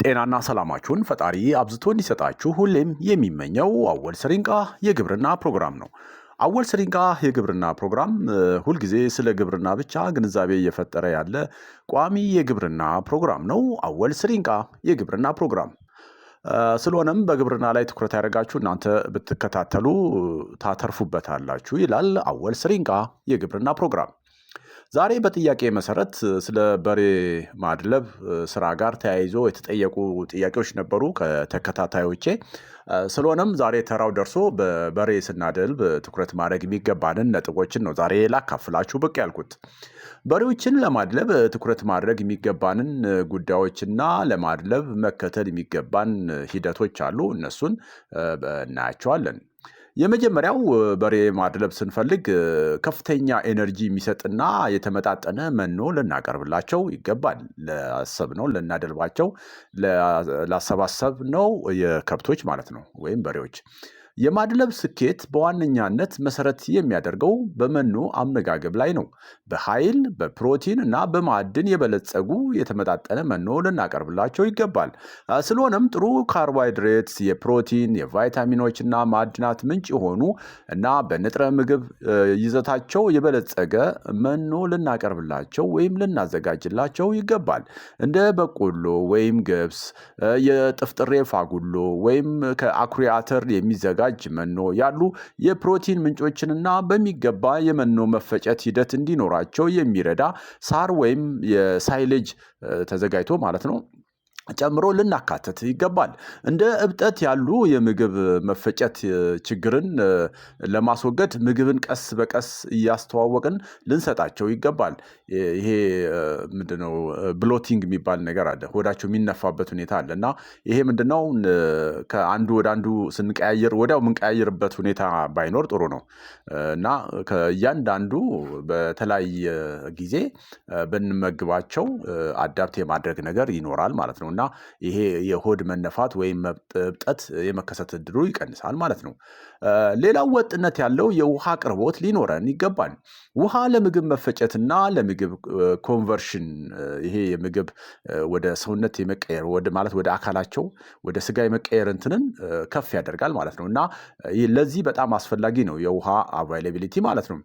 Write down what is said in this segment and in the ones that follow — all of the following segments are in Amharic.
ጤናና ሰላማችሁን ፈጣሪ አብዝቶ እንዲሰጣችሁ ሁሌም የሚመኘው አወል ስሪንቃ የግብርና ፕሮግራም ነው። አወል ስሪንቃ የግብርና ፕሮግራም ሁልጊዜ ስለ ግብርና ብቻ ግንዛቤ እየፈጠረ ያለ ቋሚ የግብርና ፕሮግራም ነው። አወል ስሪንቃ የግብርና ፕሮግራም ስለሆነም በግብርና ላይ ትኩረት ያደርጋችሁ እናንተ ብትከታተሉ ታተርፉበታላችሁ ይላል አወል ስሪንቃ የግብርና ፕሮግራም። ዛሬ በጥያቄ መሰረት ስለ በሬ ማድለብ ስራ ጋር ተያይዞ የተጠየቁ ጥያቄዎች ነበሩ ከተከታታዮቼ። ስለሆነም ዛሬ ተራው ደርሶ በበሬ ስናደልብ ትኩረት ማድረግ የሚገባንን ነጥቦችን ነው ዛሬ ላካፍላችሁ ብቅ ያልኩት። በሬዎችን ለማድለብ ትኩረት ማድረግ የሚገባንን ጉዳዮችና ለማድለብ መከተል የሚገባን ሂደቶች አሉ። እነሱን እናያቸዋለን። የመጀመሪያው በሬ ማድለብ ስንፈልግ ከፍተኛ ኤነርጂ የሚሰጥና የተመጣጠነ መኖ ልናቀርብላቸው ይገባል። ላሰብነው ልናደልባቸው ነው የከብቶች ማለት ነው ወይም በሬዎች የማድለብ ስኬት በዋነኛነት መሰረት የሚያደርገው በመኖ አመጋገብ ላይ ነው። በኃይል በፕሮቲን እና በማዕድን የበለጸጉ የተመጣጠነ መኖ ልናቀርብላቸው ይገባል። ስለሆነም ጥሩ ካርቦሃይድሬትስ የፕሮቲን የቫይታሚኖችና ማዕድናት ምንጭ የሆኑ እና በንጥረ ምግብ ይዘታቸው የበለጸገ መኖ ልናቀርብላቸው ወይም ልናዘጋጅላቸው ይገባል። እንደ በቆሎ ወይም ገብስ፣ የጥፍጥሬ ፋጉሎ ወይም ከአኩሪ አተር የሚዘጋጅ አጃጅ መኖ ያሉ የፕሮቲን ምንጮችንና በሚገባ የመኖ መፈጨት ሂደት እንዲኖራቸው የሚረዳ ሳር ወይም የሳይሌጅ ተዘጋጅቶ ማለት ነው ጨምሮ ልናካትት ይገባል። እንደ እብጠት ያሉ የምግብ መፈጨት ችግርን ለማስወገድ ምግብን ቀስ በቀስ እያስተዋወቅን ልንሰጣቸው ይገባል። ይሄ ምንድነው ብሎቲንግ የሚባል ነገር አለ። ሆዳቸው የሚነፋበት ሁኔታ አለ እና ይሄ ምንድነው ከአንዱ ወደ አንዱ ስንቀያየር ወዲያው የምንቀያየርበት ሁኔታ ባይኖር ጥሩ ነው እና ከእያንዳንዱ በተለያየ ጊዜ ብንመግባቸው አዳብት የማድረግ ነገር ይኖራል ማለት ነው። እና ይሄ የሆድ መነፋት ወይም እብጠት የመከሰት እድሉ ይቀንሳል ማለት ነው። ሌላው ወጥነት ያለው የውሃ አቅርቦት ሊኖረን ይገባል። ውሃ ለምግብ መፈጨትና ለምግብ ኮንቨርሽን ይሄ የምግብ ወደ ሰውነት የመቀየር ወደ ማለት ወደ አካላቸው ወደ ስጋ የመቀየር እንትንን ከፍ ያደርጋል ማለት ነው እና ለዚህ በጣም አስፈላጊ ነው የውሃ አቫይላቢሊቲ ማለት ነው።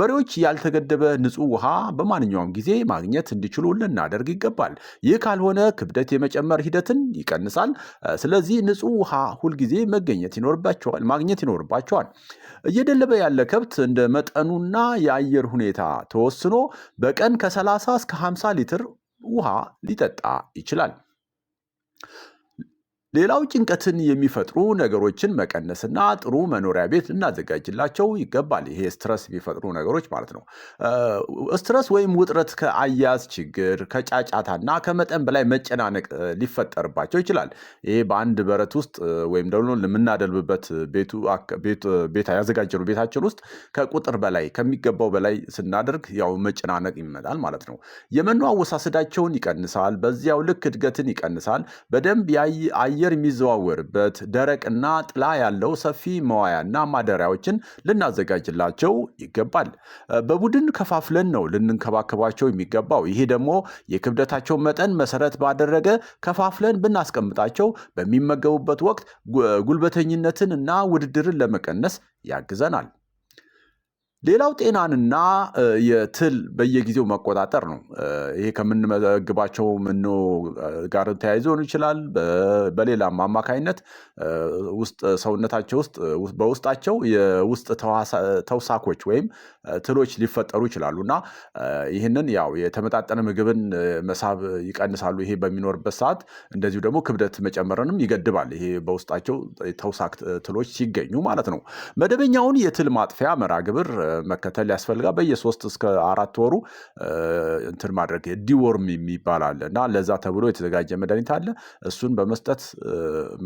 በሬዎች ያልተገደበ ንጹህ ውሃ በማንኛውም ጊዜ ማግኘት እንዲችሉ ልናደርግ ይገባል። ይህ ካልሆነ ከሆነ ክብደት የመጨመር ሂደትን ይቀንሳል። ስለዚህ ንጹህ ውሃ ሁልጊዜ መገኘት ይኖርባቸዋል ማግኘት ይኖርባቸዋል። እየደለበ ያለ ከብት እንደ መጠኑና የአየር ሁኔታ ተወስኖ በቀን ከ30 እስከ 50 ሊትር ውሃ ሊጠጣ ይችላል። ሌላው ጭንቀትን የሚፈጥሩ ነገሮችን መቀነስና ጥሩ መኖሪያ ቤት ልናዘጋጅላቸው ይገባል። ይሄ ስትረስ የሚፈጥሩ ነገሮች ማለት ነው። ስትረስ ወይም ውጥረት ከአያያዝ ችግር፣ ከጫጫታና ከመጠን በላይ መጨናነቅ ሊፈጠርባቸው ይችላል። ይሄ በአንድ በረት ውስጥ ወይም ደግሞ ለምናደልብበት ቤት ያዘጋጀነው ቤታችን ውስጥ ከቁጥር በላይ ከሚገባው በላይ ስናደርግ ያው መጨናነቅ ይመጣል ማለት ነው። የመኖ አወሳሰዳቸውን ይቀንሳል። በዚያው ልክ እድገትን ይቀንሳል። በደንብ አየ አየር የሚዘዋወርበት ደረቅና ጥላ ያለው ሰፊ መዋያና ማደሪያዎችን ልናዘጋጅላቸው ይገባል። በቡድን ከፋፍለን ነው ልንንከባከባቸው የሚገባው። ይሄ ደግሞ የክብደታቸው መጠን መሰረት ባደረገ ከፋፍለን ብናስቀምጣቸው በሚመገቡበት ወቅት ጉልበተኝነትን እና ውድድርን ለመቀነስ ያግዘናል። ሌላው ጤናንና የትል በየጊዜው መቆጣጠር ነው። ይሄ ከምንመግባቸው ምኖ ጋር ተያይዞ ሆን ይችላል። በሌላም አማካኝነት ውስጥ ሰውነታቸው ውስጥ በውስጣቸው የውስጥ ተውሳኮች ወይም ትሎች ሊፈጠሩ ይችላሉ እና ይህንን ያው የተመጣጠነ ምግብን መሳብ ይቀንሳሉ። ይሄ በሚኖርበት ሰዓት እንደዚሁ ደግሞ ክብደት መጨመርንም ይገድባል። ይሄ በውስጣቸው ተውሳክ ትሎች ሲገኙ ማለት ነው። መደበኛውን የትል ማጥፊያ መራግብር ። መከተል ያስፈልጋ በየሶስት እስከ አራት ወሩ እንትን ማድረግ ዲወርም የሚባል አለ እና ለዛ ተብሎ የተዘጋጀ መድኃኒት አለ። እሱን በመስጠት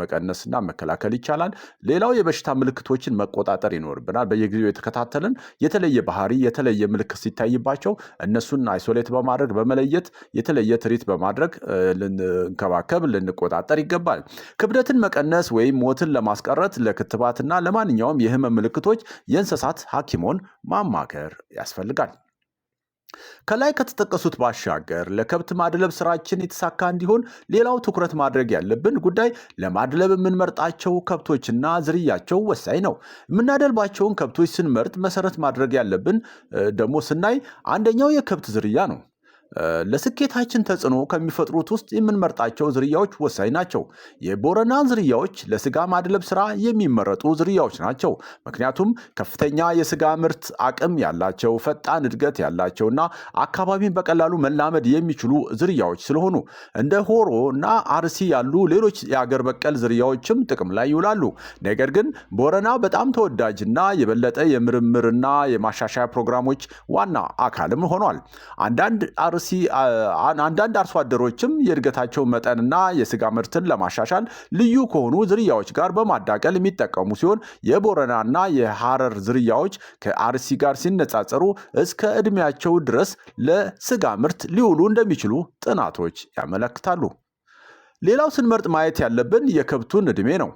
መቀነስና መከላከል ይቻላል። ሌላው የበሽታ ምልክቶችን መቆጣጠር ይኖርብናል። በየጊዜው የተከታተልን የተለየ ባህሪ፣ የተለየ ምልክት ሲታይባቸው እነሱን አይሶሌት በማድረግ በመለየት የተለየ ትሪት በማድረግ ልንንከባከብ፣ ልንቆጣጠር ይገባል። ክብደትን መቀነስ ወይም ሞትን ለማስቀረት ለክትባትና ለማንኛውም የህመም ምልክቶች የእንስሳት ሐኪሞን ማማከር ያስፈልጋል። ከላይ ከተጠቀሱት ባሻገር ለከብት ማድለብ ስራችን የተሳካ እንዲሆን ሌላው ትኩረት ማድረግ ያለብን ጉዳይ ለማድለብ የምንመርጣቸው ከብቶችና ዝርያቸው ወሳኝ ነው። የምናደልባቸውን ከብቶች ስንመርጥ መሰረት ማድረግ ያለብን ደግሞ ስናይ አንደኛው የከብት ዝርያ ነው። ለስኬታችን ተጽዕኖ ከሚፈጥሩት ውስጥ የምንመርጣቸው ዝርያዎች ወሳኝ ናቸው። የቦረና ዝርያዎች ለስጋ ማድለብ ስራ የሚመረጡ ዝርያዎች ናቸው። ምክንያቱም ከፍተኛ የስጋ ምርት አቅም ያላቸው፣ ፈጣን እድገት ያላቸውና አካባቢን በቀላሉ መላመድ የሚችሉ ዝርያዎች ስለሆኑ እንደ ሆሮ እና አርሲ ያሉ ሌሎች የአገር በቀል ዝርያዎችም ጥቅም ላይ ይውላሉ። ነገር ግን ቦረና በጣም ተወዳጅና የበለጠ የምርምርና የማሻሻያ ፕሮግራሞች ዋና አካልም ሆኗል። አንዳንድ አርሲ አንዳንድ አርሶ አደሮችም የእድገታቸውን መጠንና የስጋ ምርትን ለማሻሻል ልዩ ከሆኑ ዝርያዎች ጋር በማዳቀል የሚጠቀሙ ሲሆን የቦረናና የሐረር ዝርያዎች ከአርሲ ጋር ሲነጻጸሩ እስከ እድሜያቸው ድረስ ለስጋ ምርት ሊውሉ እንደሚችሉ ጥናቶች ያመለክታሉ። ሌላው ስንመርጥ ማየት ያለብን የከብቱን እድሜ ነው።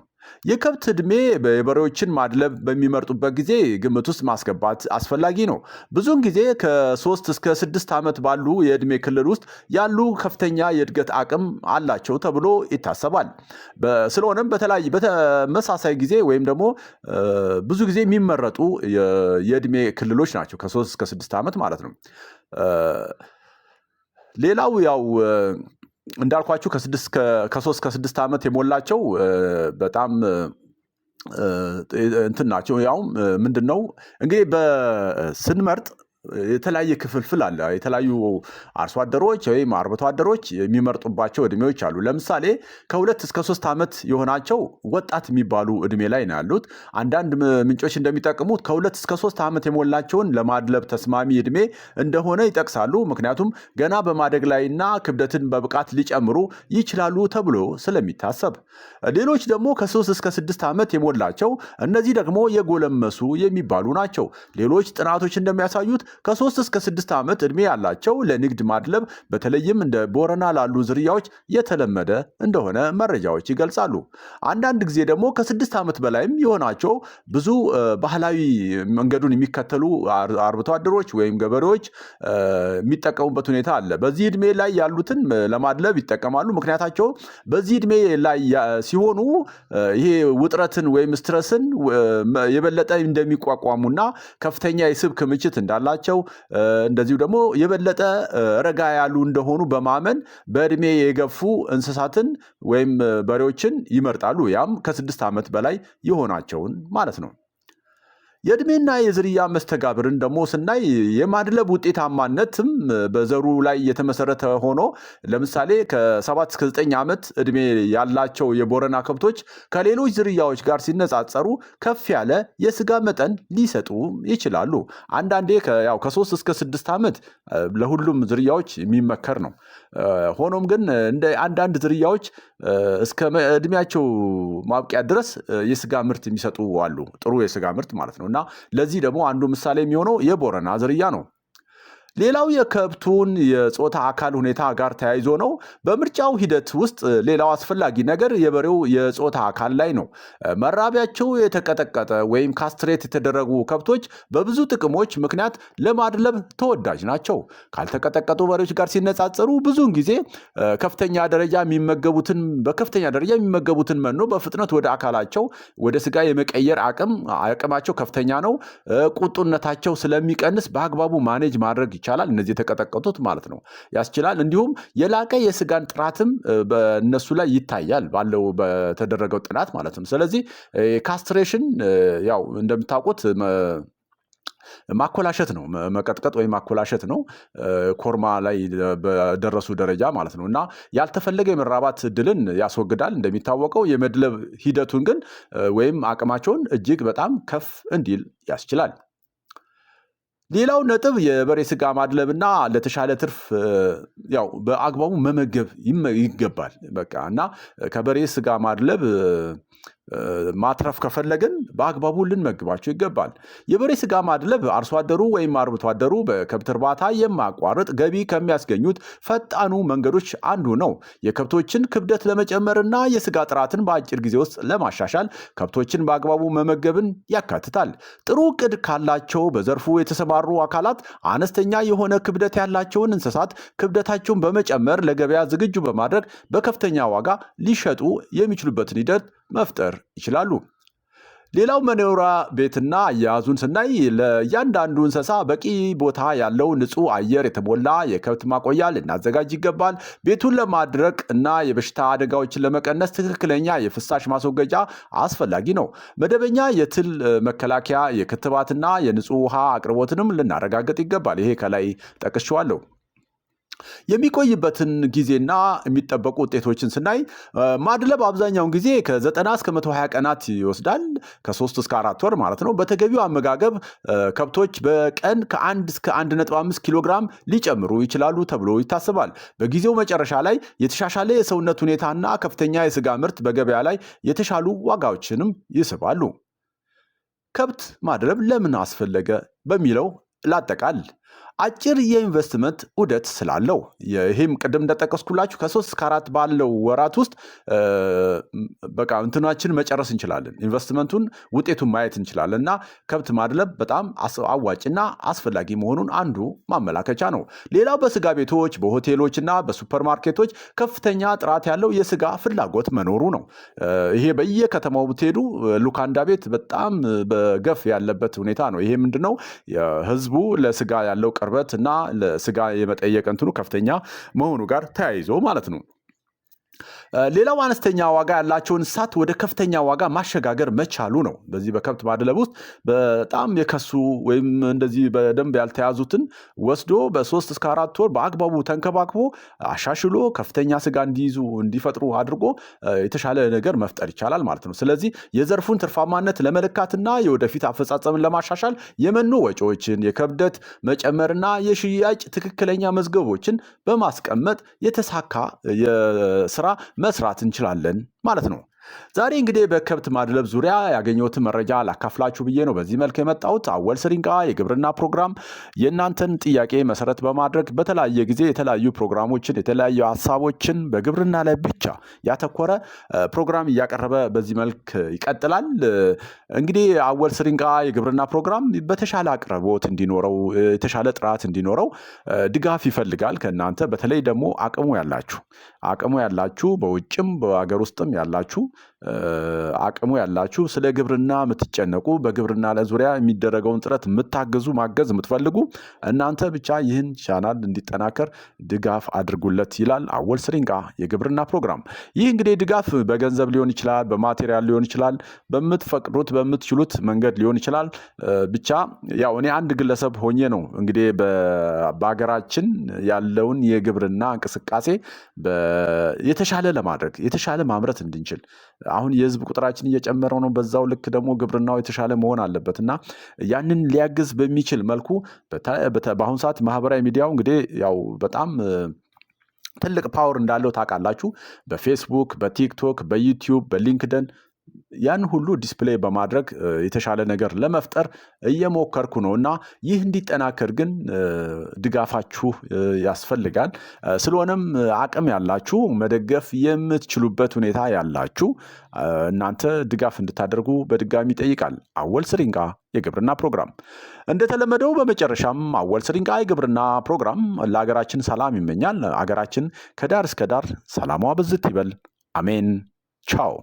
የከብት ዕድሜ የበሬዎችን ማድለብ በሚመርጡበት ጊዜ ግምት ውስጥ ማስገባት አስፈላጊ ነው። ብዙውን ጊዜ ከሶስት እስከ ስድስት ዓመት ባሉ የዕድሜ ክልል ውስጥ ያሉ ከፍተኛ የእድገት አቅም አላቸው ተብሎ ይታሰባል። ስለሆነም በተለያየ በተመሳሳይ ጊዜ ወይም ደግሞ ብዙ ጊዜ የሚመረጡ የዕድሜ ክልሎች ናቸው፣ ከሶስት እስከ ስድስት ዓመት ማለት ነው። ሌላው ያው እንዳልኳችሁ ከሶስት ከስድስት ዓመት የሞላቸው በጣም እንትን ናቸው። ያውም ምንድን ነው እንግዲህ በስንመርጥ የተለያየ ክፍልፍል አለ። የተለያዩ አርሶ አደሮች ወይም አርብቶ አደሮች የሚመርጡባቸው እድሜዎች አሉ። ለምሳሌ ከሁለት እስከ ሶስት ዓመት የሆናቸው ወጣት የሚባሉ እድሜ ላይ ነው ያሉት። አንዳንድ ምንጮች እንደሚጠቅሙት ከሁለት እስከ ሶስት ዓመት የሞላቸውን ለማድለብ ተስማሚ እድሜ እንደሆነ ይጠቅሳሉ። ምክንያቱም ገና በማደግ ላይና ክብደትን በብቃት ሊጨምሩ ይችላሉ ተብሎ ስለሚታሰብ፣ ሌሎች ደግሞ ከሶስት እስከ ስድስት ዓመት የሞላቸው እነዚህ ደግሞ የጎለመሱ የሚባሉ ናቸው። ሌሎች ጥናቶች እንደሚያሳዩት ከሶስት እስከ ስድስት ዓመት ዕድሜ ያላቸው ለንግድ ማድለብ በተለይም እንደ ቦረና ላሉ ዝርያዎች የተለመደ እንደሆነ መረጃዎች ይገልጻሉ። አንዳንድ ጊዜ ደግሞ ከስድስት ዓመት በላይም የሆናቸው ብዙ ባህላዊ መንገዱን የሚከተሉ አርብቶ አደሮች ወይም ገበሬዎች የሚጠቀሙበት ሁኔታ አለ። በዚህ ዕድሜ ላይ ያሉትን ለማድለብ ይጠቀማሉ። ምክንያታቸው በዚህ ዕድሜ ላይ ሲሆኑ ይሄ ውጥረትን ወይም ስትረስን የበለጠ እንደሚቋቋሙና ከፍተኛ የስብ ክምችት እንዳላቸው ናቸው። እንደዚሁ ደግሞ የበለጠ ረጋ ያሉ እንደሆኑ በማመን በእድሜ የገፉ እንስሳትን ወይም በሬዎችን ይመርጣሉ። ያም ከስድስት ዓመት በላይ የሆናቸውን ማለት ነው። የእድሜና የዝርያ መስተጋብርን ደግሞ ስናይ የማድለብ ውጤታማነትም በዘሩ ላይ የተመሰረተ ሆኖ ለምሳሌ ከሰባት እስከ ዘጠኝ ዓመት እድሜ ያላቸው የቦረና ከብቶች ከሌሎች ዝርያዎች ጋር ሲነጻጸሩ ከፍ ያለ የስጋ መጠን ሊሰጡ ይችላሉ። አንዳንዴ ያው ከሶስት እስከ ስድስት ዓመት ለሁሉም ዝርያዎች የሚመከር ነው። ሆኖም ግን እንደ አንዳንድ ዝርያዎች እስከ እድሜያቸው ማብቂያ ድረስ የስጋ ምርት የሚሰጡ አሉ። ጥሩ የስጋ ምርት ማለት ነው። እና ለዚህ ደግሞ አንዱ ምሳሌ የሚሆነው የቦረና ዝርያ ነው። ሌላው የከብቱን የጾታ አካል ሁኔታ ጋር ተያይዞ ነው። በምርጫው ሂደት ውስጥ ሌላው አስፈላጊ ነገር የበሬው የጾታ አካል ላይ ነው። መራቢያቸው የተቀጠቀጠ ወይም ካስትሬት የተደረጉ ከብቶች በብዙ ጥቅሞች ምክንያት ለማድለብ ተወዳጅ ናቸው። ካልተቀጠቀጡ በሬዎች ጋር ሲነጻጸሩ ብዙውን ጊዜ ከፍተኛ ደረጃ የሚመገቡትን በከፍተኛ ደረጃ የሚመገቡትን መኖ በፍጥነት ወደ አካላቸው ወደ ስጋ የመቀየር አቅም አቅማቸው ከፍተኛ ነው። ቁጡነታቸው ስለሚቀንስ በአግባቡ ማኔጅ ማድረግ ይቻላል። እነዚህ የተቀጠቀጡት ማለት ነው ያስችላል። እንዲሁም የላቀ የስጋን ጥራትም በእነሱ ላይ ይታያል ባለው በተደረገው ጥናት ማለት ነው። ስለዚህ ካስትሬሽን ያው እንደምታውቁት ማኮላሸት ነው። መቀጥቀጥ ወይም ማኮላሸት ነው። ኮርማ ላይ በደረሱ ደረጃ ማለት ነው እና ያልተፈለገ የመራባት እድልን ያስወግዳል። እንደሚታወቀው የመድለብ ሂደቱን ግን ወይም አቅማቸውን እጅግ በጣም ከፍ እንዲል ያስችላል። ሌላው ነጥብ የበሬ ስጋ ማድለብና ለተሻለ ትርፍ ያው በአግባቡ መመገብ ይገባል። በቃ እና ከበሬ ስጋ ማድለብ ማትረፍ ከፈለግን በአግባቡ ልንመግባቸው ይገባል። የበሬ ስጋ ማድለብ አርሶ አደሩ ወይም አርብቶ አደሩ በከብት እርባታ የማቋረጥ ገቢ ከሚያስገኙት ፈጣኑ መንገዶች አንዱ ነው። የከብቶችን ክብደት ለመጨመርና የስጋ ጥራትን በአጭር ጊዜ ውስጥ ለማሻሻል ከብቶችን በአግባቡ መመገብን ያካትታል። ጥሩ ቅድ ካላቸው በዘርፉ የተሰማሩ አካላት አነስተኛ የሆነ ክብደት ያላቸውን እንስሳት ክብደታቸውን በመጨመር ለገበያ ዝግጁ በማድረግ በከፍተኛ ዋጋ ሊሸጡ የሚችሉበትን ሂደት መፍጠር ይችላሉ። ሌላው መኖሪያ ቤትና አያያዙን ስናይ ለእያንዳንዱ እንስሳ በቂ ቦታ ያለው ንጹህ አየር የተሞላ የከብት ማቆያ ልናዘጋጅ ይገባል። ቤቱን ለማድረቅ እና የበሽታ አደጋዎችን ለመቀነስ ትክክለኛ የፍሳሽ ማስወገጃ አስፈላጊ ነው። መደበኛ የትል መከላከያ፣ የክትባትና የንጹህ ውሃ አቅርቦትንም ልናረጋግጥ ይገባል። ይሄ ከላይ ጠቅሼዋለሁ። የሚቆይበትን ጊዜና የሚጠበቁ ውጤቶችን ስናይ ማድለብ አብዛኛውን ጊዜ ከ90 እስከ 120 ቀናት ይወስዳል። ከ3 እስከ 4 ወር ማለት ነው። በተገቢው አመጋገብ ከብቶች በቀን ከ1 እስከ 1.5 ኪሎ ሊጨምሩ ይችላሉ ተብሎ ይታስባል። በጊዜው መጨረሻ ላይ የተሻሻለ የሰውነት ሁኔታና ከፍተኛ የስጋ ምርት በገበያ ላይ የተሻሉ ዋጋዎችንም ይስባሉ። ከብት ማድለብ ለምን አስፈለገ? በሚለው ላጠቃል። አጭር የኢንቨስትመንት ውደት ስላለው ይህም ቅድም እንደጠቀስኩላችሁ ከሶስት እስከ አራት ባለው ወራት ውስጥ በቃ እንትናችን መጨረስ እንችላለን። ኢንቨስትመንቱን ውጤቱን ማየት እንችላለን እና ከብት ማድለብ በጣም አዋጭና አስፈላጊ መሆኑን አንዱ ማመላከቻ ነው። ሌላው በስጋ ቤቶች፣ በሆቴሎች እና በሱፐርማርኬቶች ከፍተኛ ጥራት ያለው የስጋ ፍላጎት መኖሩ ነው። ይሄ በየከተማው ብትሄዱ ሉካንዳ ቤት በጣም በገፍ ያለበት ሁኔታ ነው። ይሄ ምንድነው ህዝቡ ለስጋ ያለው ቅርበት እና ለስጋ የመጠየቅ እንትኑ ከፍተኛ መሆኑ ጋር ተያይዞ ማለት ነው። ሌላው አነስተኛ ዋጋ ያላቸው እንስሳት ወደ ከፍተኛ ዋጋ ማሸጋገር መቻሉ ነው። በዚህ በከብት ማድለብ ውስጥ በጣም የከሱ ወይም እንደዚህ በደንብ ያልተያዙትን ወስዶ በሶስት እስከ አራት ወር በአግባቡ ተንከባክቦ አሻሽሎ ከፍተኛ ስጋ እንዲይዙ እንዲፈጥሩ አድርጎ የተሻለ ነገር መፍጠር ይቻላል ማለት ነው። ስለዚህ የዘርፉን ትርፋማነት ለመለካትና የወደፊት አፈጻጸምን ለማሻሻል የመኖ ወጪዎችን፣ የክብደት መጨመርና የሽያጭ ትክክለኛ መዝገቦችን በማስቀመጥ የተሳካ የስራ መስራት እንችላለን ማለት ነው። ዛሬ እንግዲህ በከብት ማድለብ ዙሪያ ያገኘሁትን መረጃ ላካፍላችሁ ብዬ ነው በዚህ መልክ የመጣሁት። አወል ስሪንቃ የግብርና ፕሮግራም የእናንተን ጥያቄ መሰረት በማድረግ በተለያየ ጊዜ የተለያዩ ፕሮግራሞችን የተለያዩ ሀሳቦችን በግብርና ላይ ብቻ ያተኮረ ፕሮግራም እያቀረበ በዚህ መልክ ይቀጥላል። እንግዲህ አወል ስሪንቃ የግብርና ፕሮግራም በተሻለ አቅርቦት እንዲኖረው የተሻለ ጥራት እንዲኖረው ድጋፍ ይፈልጋል ከእናንተ በተለይ ደግሞ አቅሙ ያላችሁ አቅሙ ያላችሁ በውጭም በሀገር ውስጥም ያላችሁ አቅሙ ያላችሁ ስለ ግብርና የምትጨነቁ በግብርና ዙሪያ የሚደረገውን ጥረት የምታግዙ ማገዝ የምትፈልጉ እናንተ ብቻ ይህን ቻናል እንዲጠናከር ድጋፍ አድርጉለት ይላል አወል ስሪንቃ የግብርና ፕሮግራም። ይህ እንግዲህ ድጋፍ በገንዘብ ሊሆን ይችላል፣ በማቴሪያል ሊሆን ይችላል፣ በምትፈቅዱት በምትችሉት መንገድ ሊሆን ይችላል። ብቻ ያው እኔ አንድ ግለሰብ ሆኜ ነው እንግዲህ በሀገራችን ያለውን የግብርና እንቅስቃሴ የተሻለ ለማድረግ የተሻለ ማምረት እንድንችል አሁን የህዝብ ቁጥራችን እየጨመረው ነው። በዛው ልክ ደግሞ ግብርናው የተሻለ መሆን አለበት እና ያንን ሊያግዝ በሚችል መልኩ በአሁኑ ሰዓት ማህበራዊ ሚዲያው እንግዲህ ያው በጣም ትልቅ ፓወር እንዳለው ታውቃላችሁ። በፌስቡክ፣ በቲክቶክ፣ በዩቲዩብ፣ በሊንክደን ያን ሁሉ ዲስፕሌይ በማድረግ የተሻለ ነገር ለመፍጠር እየሞከርኩ ነው እና ይህ እንዲጠናከር ግን ድጋፋችሁ ያስፈልጋል። ስለሆነም አቅም ያላችሁ መደገፍ የምትችሉበት ሁኔታ ያላችሁ እናንተ ድጋፍ እንድታደርጉ በድጋሚ ይጠይቃል። አወል ስሪንቃ የግብርና ፕሮግራም እንደተለመደው በመጨረሻም አወል ስሪንቃ የግብርና ፕሮግራም ለሀገራችን ሰላም ይመኛል። ሀገራችን ከዳር እስከ ዳር ሰላሟ ብዝት ይበል። አሜን። ቻው